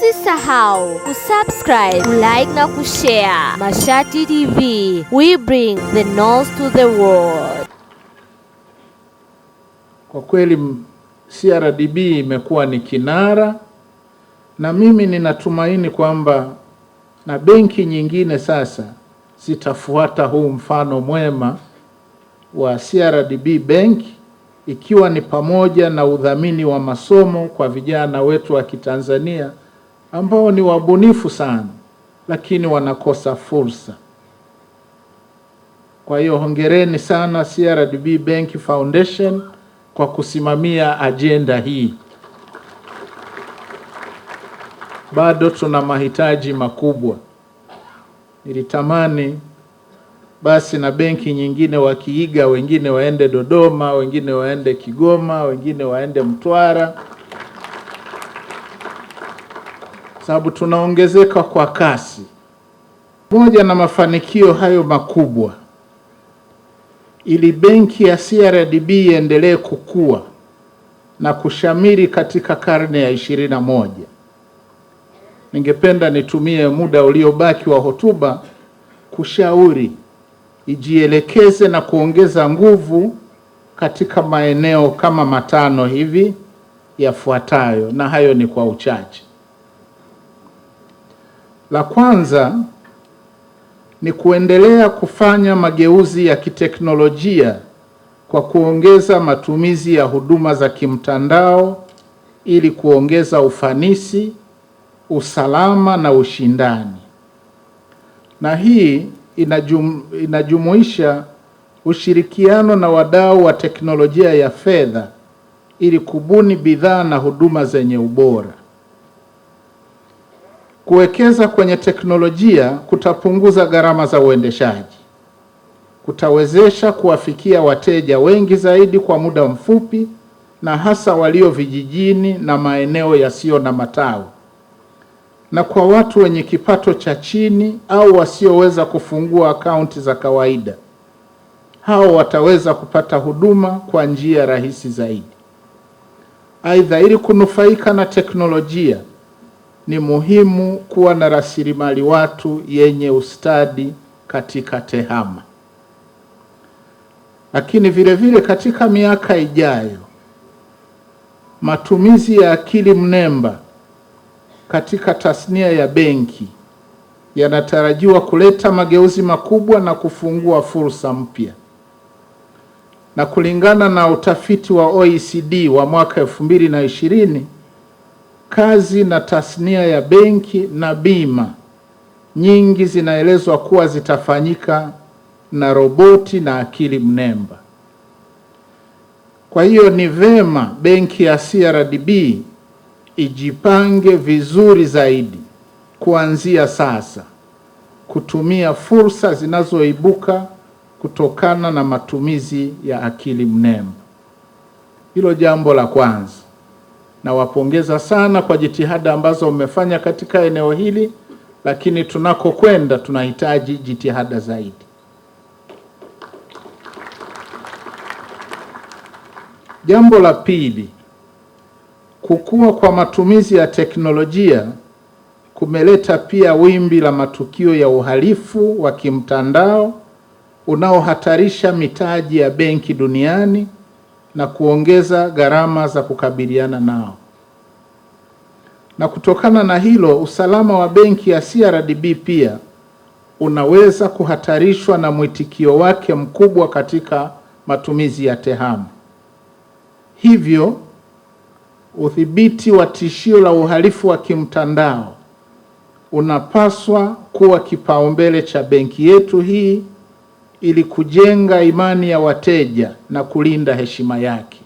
Usisahau kusubscribe, kulike na kushare. Mashati TV, we bring the news to the world. Kwa kweli CRDB imekuwa ni kinara na mimi ninatumaini kwamba na benki nyingine sasa zitafuata huu mfano mwema wa CRDB Bank ikiwa ni pamoja na udhamini wa masomo kwa vijana wetu wa Kitanzania ambao ni wabunifu sana, lakini wanakosa fursa. Kwa hiyo hongereni sana CRDB Bank Foundation kwa kusimamia ajenda hii. Bado tuna mahitaji makubwa. Nilitamani basi na benki nyingine wakiiga, wengine waende Dodoma, wengine waende Kigoma, wengine waende Mtwara. sababu tunaongezeka kwa kasi. Moja na mafanikio hayo makubwa, ili benki ya CRDB iendelee kukua na kushamiri katika karne ya ishirini na moja, ningependa nitumie muda uliobaki wa hotuba kushauri ijielekeze na kuongeza nguvu katika maeneo kama matano hivi yafuatayo, na hayo ni kwa uchache. La kwanza ni kuendelea kufanya mageuzi ya kiteknolojia kwa kuongeza matumizi ya huduma za kimtandao ili kuongeza ufanisi, usalama na ushindani. Na hii inajum, inajumuisha ushirikiano na wadau wa teknolojia ya fedha ili kubuni bidhaa na huduma zenye ubora. Kuwekeza kwenye teknolojia kutapunguza gharama za uendeshaji, kutawezesha kuwafikia wateja wengi zaidi kwa muda mfupi, na hasa walio vijijini na maeneo yasiyo na matawi, na kwa watu wenye kipato cha chini au wasioweza kufungua akaunti za kawaida, hao wataweza kupata huduma kwa njia rahisi zaidi. Aidha, ili kunufaika na teknolojia ni muhimu kuwa na rasilimali watu yenye ustadi katika TEHAMA, lakini vile vile katika miaka ijayo matumizi ya akili mnemba katika tasnia ya benki yanatarajiwa kuleta mageuzi makubwa na kufungua fursa mpya. Na kulingana na utafiti wa OECD wa mwaka 2020 kazi na tasnia ya benki na bima nyingi zinaelezwa kuwa zitafanyika na roboti na akili mnemba. Kwa hiyo ni vema benki ya CRDB ijipange vizuri zaidi kuanzia sasa kutumia fursa zinazoibuka kutokana na matumizi ya akili mnemba. Hilo jambo la kwanza. Nawapongeza sana kwa jitihada ambazo mmefanya katika eneo hili, lakini tunakokwenda tunahitaji jitihada zaidi. Jambo la pili, kukua kwa matumizi ya teknolojia kumeleta pia wimbi la matukio ya uhalifu wa kimtandao unaohatarisha mitaji ya benki duniani na kuongeza gharama za kukabiliana nao. Na kutokana na hilo, usalama wa benki ya CRDB pia unaweza kuhatarishwa na mwitikio wake mkubwa katika matumizi ya tehamu. Hivyo, udhibiti wa tishio la uhalifu wa kimtandao unapaswa kuwa kipaumbele cha benki yetu hii ili kujenga imani ya wateja na kulinda heshima yake.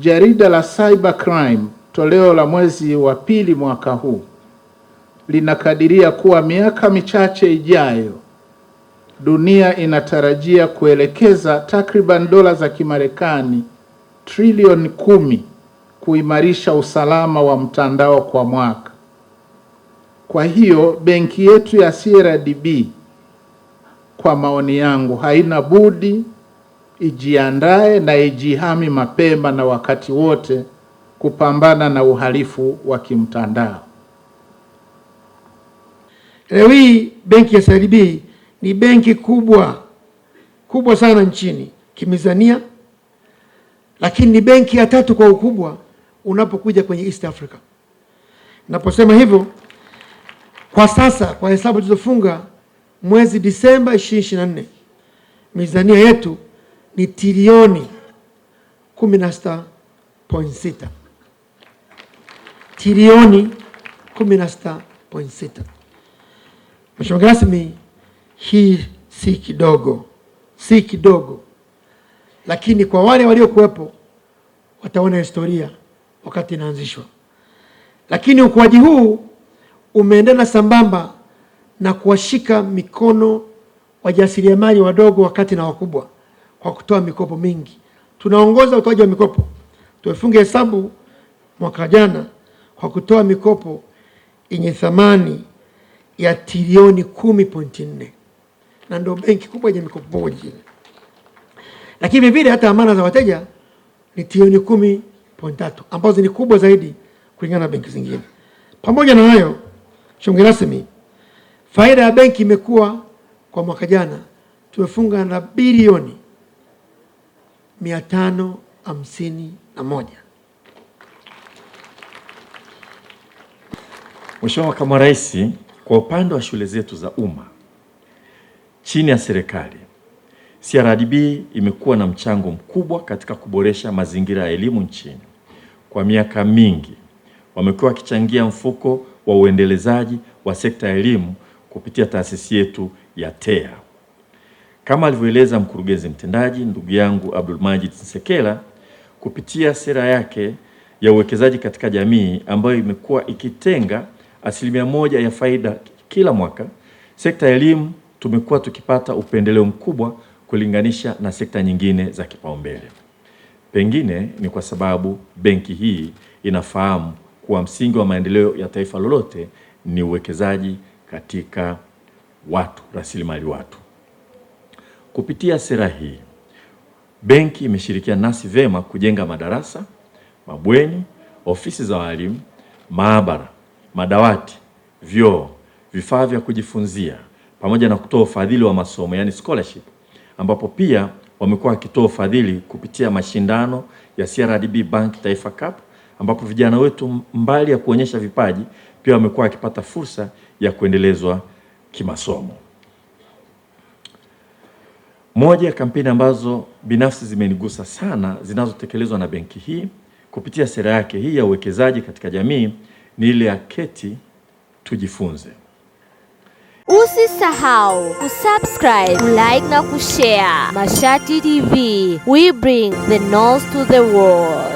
Jarida la Cybercrime toleo la mwezi wa pili mwaka huu linakadiria kuwa miaka michache ijayo dunia inatarajia kuelekeza takriban dola za Kimarekani trilioni kumi kuimarisha usalama wa mtandao kwa mwaka. Kwa hiyo benki yetu ya CRDB kwa maoni yangu, haina budi ijiandae na ijihami mapema na wakati wote kupambana na uhalifu wa kimtandao. Leo hii benki ya CRDB ni benki kubwa kubwa sana nchini kimizania, lakini ni benki ya tatu kwa ukubwa unapokuja kwenye East Africa. Naposema hivyo, kwa sasa kwa hesabu tulizofunga mwezi Disemba 2024 mizania yetu ni trilioni 16.6, trilioni 16.6. Mheshimiwa rasmi, hii si kidogo, si kidogo, lakini kwa wale waliokuwepo wataona historia wakati inaanzishwa, lakini ukuaji huu umeendana sambamba na kuwashika mikono wajasiriamali wadogo wakati na wakubwa kwa kutoa mikopo mingi. Tunaongoza utoaji wa mikopo, tumefunga hesabu mwaka jana kwa kutoa mikopo yenye thamani ya trilioni 10.4 na ndio benki kubwa yenye mikopo kubwa Lakini vile hata amana za wateja ni trilioni 10.3 ambazo ni kubwa zaidi kulingana na benki zingine. Pamoja na hayo, shughuli rasmi Faida ya benki imekuwa kwa mwaka jana tumefunga na bilioni mia tano hamsini na moja. Mheshimiwa Makamu Rais, kwa upande wa shule zetu za umma chini ya serikali, CRDB imekuwa na mchango mkubwa katika kuboresha mazingira ya elimu nchini. Kwa miaka mingi wamekuwa wakichangia mfuko wa uendelezaji wa sekta ya elimu kupitia taasisi yetu ya TEA. Kama alivyoeleza mkurugenzi mtendaji ndugu yangu Abdul Majid Nsekela, kupitia sera yake ya uwekezaji katika jamii ambayo imekuwa ikitenga asilimia moja ya faida kila mwaka, sekta ya elimu tumekuwa tukipata upendeleo mkubwa kulinganisha na sekta nyingine za kipaumbele. Pengine ni kwa sababu benki hii inafahamu kuwa msingi wa maendeleo ya taifa lolote ni uwekezaji katika watu, rasilimali watu. Kupitia sera hii, benki imeshirikiana nasi vyema kujenga madarasa, mabweni, ofisi za walimu, maabara, madawati, vyoo, vifaa vya kujifunzia pamoja na kutoa ufadhili wa masomo yani scholarship, ambapo pia wamekuwa wakitoa ufadhili kupitia mashindano ya CRDB Bank Taifa Cup ambapo vijana wetu mbali ya kuonyesha vipaji pia wamekuwa wakipata fursa ya kuendelezwa kimasomo. Moja ya kampeni ambazo binafsi zimenigusa sana zinazotekelezwa na benki hii kupitia sera yake hii ya uwekezaji katika jamii ni ile ya keti tujifunze. Usisahau kusubscribe, like na kushare. Mashati TV, we bring the knowledge to the world.